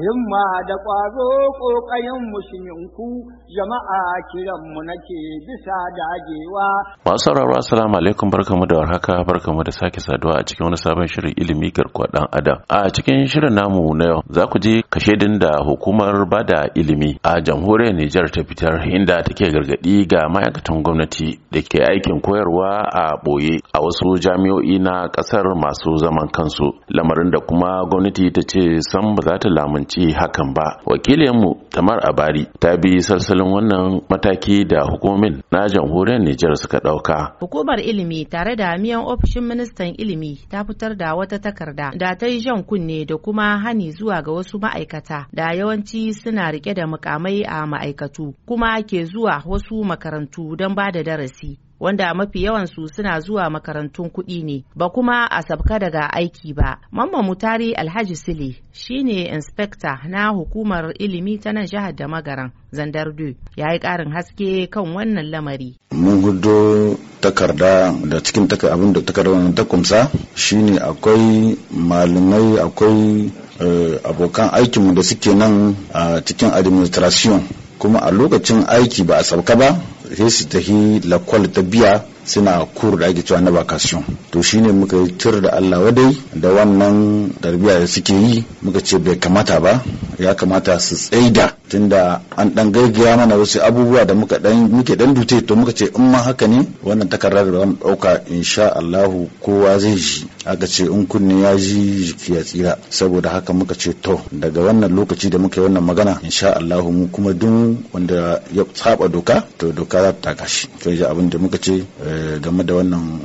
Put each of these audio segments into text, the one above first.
himma da ƙwazo ƙoƙayenmu shiminku jama'a kiranmu nake bisa dagewa. Masu sauraro 'Salamu alaikum barkamu da warhaka barkamu da sake saduwa a cikin wani sabon shirin ilimi garkuwa ɗan adam. A cikin shirin namu na yau za ku je kashe din da hukumar bada ilimi a jamhuriyar Nijar ta fitar inda take gargaɗi ga ma'aikatan gwamnati da ke aikin koyarwa a ɓoye a wasu jami'o'i na ƙasar masu zaman kansu lamarin da kuma gwamnati ta ce san ba za ta lamun kasance hakan ba wakilinmu tamar abari ta bi salsalin wannan mataki da hukumin na jamhuriyar nijar suka ɗauka hukumar ilimi tare da miyan ofishin ministan ilimi ta fitar da wata takarda da ta yi jan kunne da kuma hani zuwa ga wasu ma'aikata da yawanci suna rike da mukamai a ma'aikatu kuma ke zuwa wasu makarantu don ba da darasi wanda mafi yawan su suna zuwa makarantun kuɗi ne ba kuma a sabka daga aiki ba mamma mutari alhaji sile shine inspekta na hukumar ilimi ta nan jihar da magaran zandardu ya yi ƙarin haske kan wannan lamari mun gudu takarda da cikin abin da takarda wannan takumsa shine akwai malamai akwai eh, abokan aikinmu da suke nan a cikin administration kuma a lokacin aiki ba a sauka ba sai su tafi lakwal ta biya suna kur da ake cewa na vacation to shine muka yi tur da Allah wadai da wannan tarbiyya da suke yi muka ce bai kamata ba ya kamata su tsaida tunda an dan gaggaya mana wasu abubuwa da muka dan muke dan dute to muka ce in ma haka ne wannan takarar da ɗauka dauka insha Allahu kowa zai ji aka ce in kunne ya ji ya tsira saboda haka muka ce to daga wannan lokaci da muka yi wannan magana insha Allahu mu kuma duk wanda ya saba doka to doka za ta kashi to ya abin da muka ce eh, Eh, game da wannan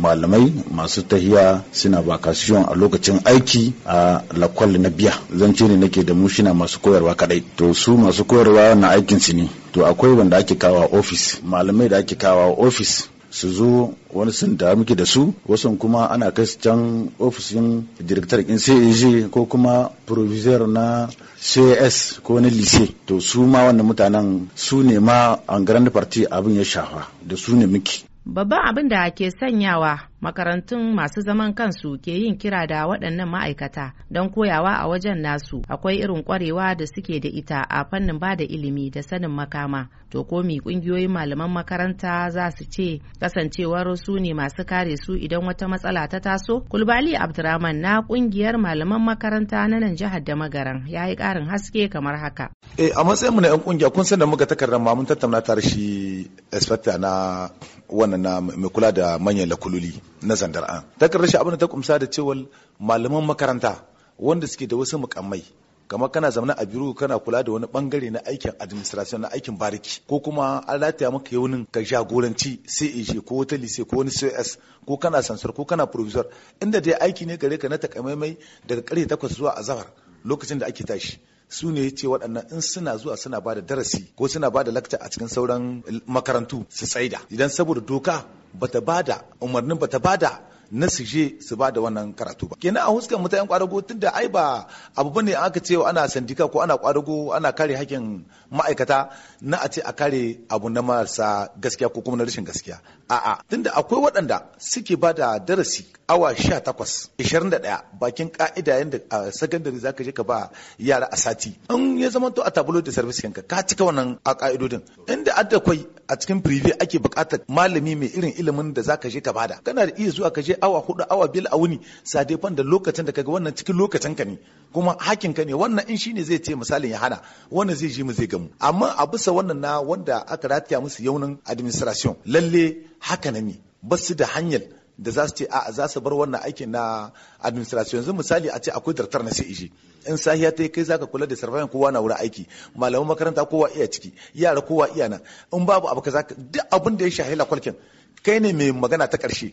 malamai masu tahiya suna bakasiyon a lokacin aiki a lakwal na biya zance ne nake da mushina masu koyarwa kadai to su masu koyarwa na aikin su ne to akwai wanda ake kawo ofis malamai da ake kawo ofis su zo wani sun da muke da su wasu kuma ana kai can ofishin director in CAG ko kuma provisor na CAS ko na lise to su ma wannan mutanen su ne ma an grand party abin ya shafa da su ne muke babban abin da ke sanyawa makarantun masu zaman kansu ke yin kira da waɗannan ma'aikata don koyawa a wajen nasu akwai irin kwarewa da suke da ita a fannin ba da ilimi da sanin makama to komi ƙungiyoyin malaman makaranta za su ce kasancewar su ne masu kare su idan wata matsala ta taso kulbali abdurrahman na ƙungiyar malaman makaranta na nan jihar da magaran ya yi ƙarin haske kamar haka eh a matsayin mu na yan kungiya kun san da muka takardar ma mun tattauna tare shi inspector na wannan mai kula da manyan lakululi na an takardar shi abin da ta kumsa da cewa malaman makaranta wanda suke da wasu mukammai kamar kana zaune a biro kana kula da wani bangare na aikin administration na aikin bariki ko kuma an rataya maka yaunin ka jagoranci CAG ko wata lise ko wani COS ko kana sansar ko kana provisor inda dai aiki ne gare ka na takamaimai daga karfe takwas zuwa azahar lokacin da ake tashi su ne ce waɗannan in suna zuwa suna ba da darasi ko suna ba da lakta a cikin sauran makarantu su tsaida idan saboda doka bata da umarnin bata da. na su je su ba da wannan karatu ba kenan a huskan mutanen kwadago tun da ai ba abu bane aka ce ana sandika ko ana kwadago ana kare hakkin ma'aikata na a ce a kare abu na marasa gaskiya ko kuma na rashin gaskiya a'a tunda akwai waɗanda suke ba da darasi awa 18 21 bakin ka'ida yadda a sakandare zaka je ka ba yara a sati in ya zama to a tabulo da service kanka ka cika wannan a ka'idodin inda adda kwai a cikin prive ake buƙatar malami mai irin ilimin da zaka je ka bada kana da iya zuwa ka je kai awa hudu awa bil a wuni da lokacin da kaga wannan cikin lokacin ka ne kuma hakin ka ne wannan in shine zai ce misalin ya hana wannan zai ji mu zai gamu amma a bisa wannan na wanda aka rataya musu yaunin administration lalle haka na ne su da hanyar da za su ce a za su bar wannan aikin na administration yanzu misali a ce akwai dartar na sai ije in sahiya ta yi kai zaka kula da sarfayan kowa na wurin aiki malaman makaranta kowa iya ciki yara kowa iya nan in babu abu ka zaka duk abin da ya shahila lakwalkin kai ne mai magana ta karshe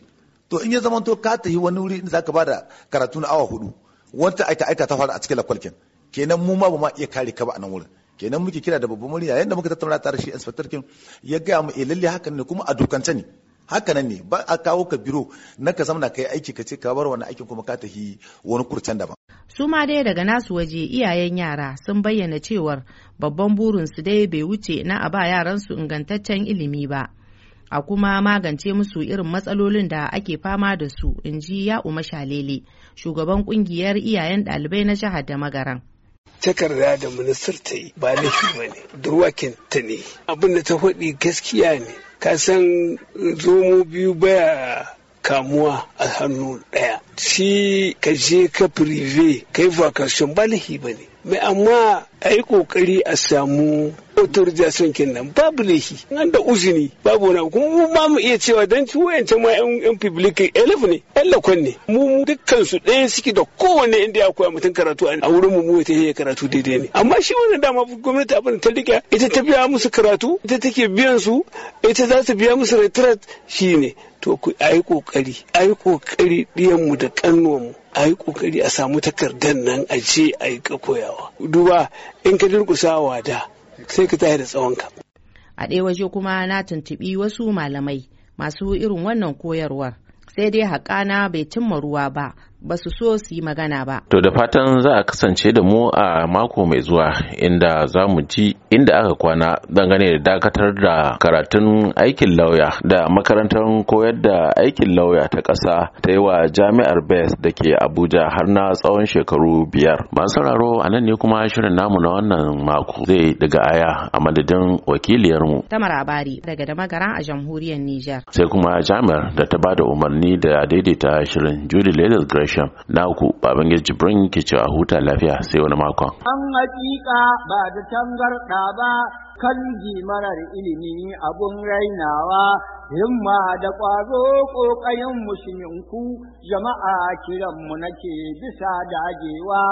to in ya zama to ka yi wani wuri za ba da karatu na awa hudu wata aita aita ta fara a cikin lakwalkin kenan mu ma ba ma iya kare ka ba a nan wurin kenan muke kira da babban murya da muka tattauna tare shi inspector kin ya gaya mu eh lalle hakan ne kuma a dokance ne haka nan ne ba a kawo ka biro na ka zamana kai aiki ka ce ka bar wani aikin kuma ka tafi wani kurcen daban su ma dai daga nasu waje iyayen yara sun bayyana cewar babban burin su dai bai wuce na a ba yaran su ingantaccen ilimi ba a kuma magance musu irin matsalolin da ake fama da su in ji ya Shalele, shugaban kungiyar iyayen ɗalibai na jihar da magaran. takarda da ministar ta yi ba laifi ba ne durwakin ta ne abin da ta faɗi gaskiya ne ka san zomo biyu baya kamuwa a hannu ɗaya shi ka je ka prive kai vacation ba laifi ba ne mai amma a yi kokari a samu authorization kenan babu laifi nan da uzini babu na kuma mu ba mu iya cewa dan ci wayancan ma yan yan public elef ne yan lakon ne mu dukkan su ɗaya suke da kowane inda ya koya mutum karatu a wurin mu mu ta yi karatu daidai ne amma shi wannan dama gwamnati abin ta rika ita ta biya musu karatu ita take biyan su ita za ta biya musu retret ne. to ku ayi kokari ayi kokari diyan mu da kannuwan mu a yi kokari a samu takardar nan a ce a yi koyawa duba in ka durkusa wada sai ka tahi da tsawonka a ɗaya waje kuma na tuntuɓi wasu malamai masu irin wannan koyarwar sai dai haƙana bai cimma ruwa ba ba su so su yi magana ba. To da fatan za a kasance da mu a mako mai zuwa inda za mu ji inda aka kwana dangane da dakatar da karatun aikin lauya da makarantar koyar da aikin lauya ta ƙasa ta yi wa jami'ar Bes da ke Abuja har na tsawon shekaru biyar. Masu sauraro a nan ne kuma shirin namu na wannan mako zai daga aya a madadin wakiliyarmu. Tamar Abari daga Damagara a jamhuriyar Nijar. Sai kuma jami'ar da ta ba da umarni da daidaita shirin Judy Ladies Grace. sham na uku babangida jibrin ke cewa huta lafiya sai wani makon an hakika ba da tangarɗa ba kan marar ilimi abun rainawa himma da ƙwazo ƙoƙarin musulminku jama'a kiranmu nake bisa dagewa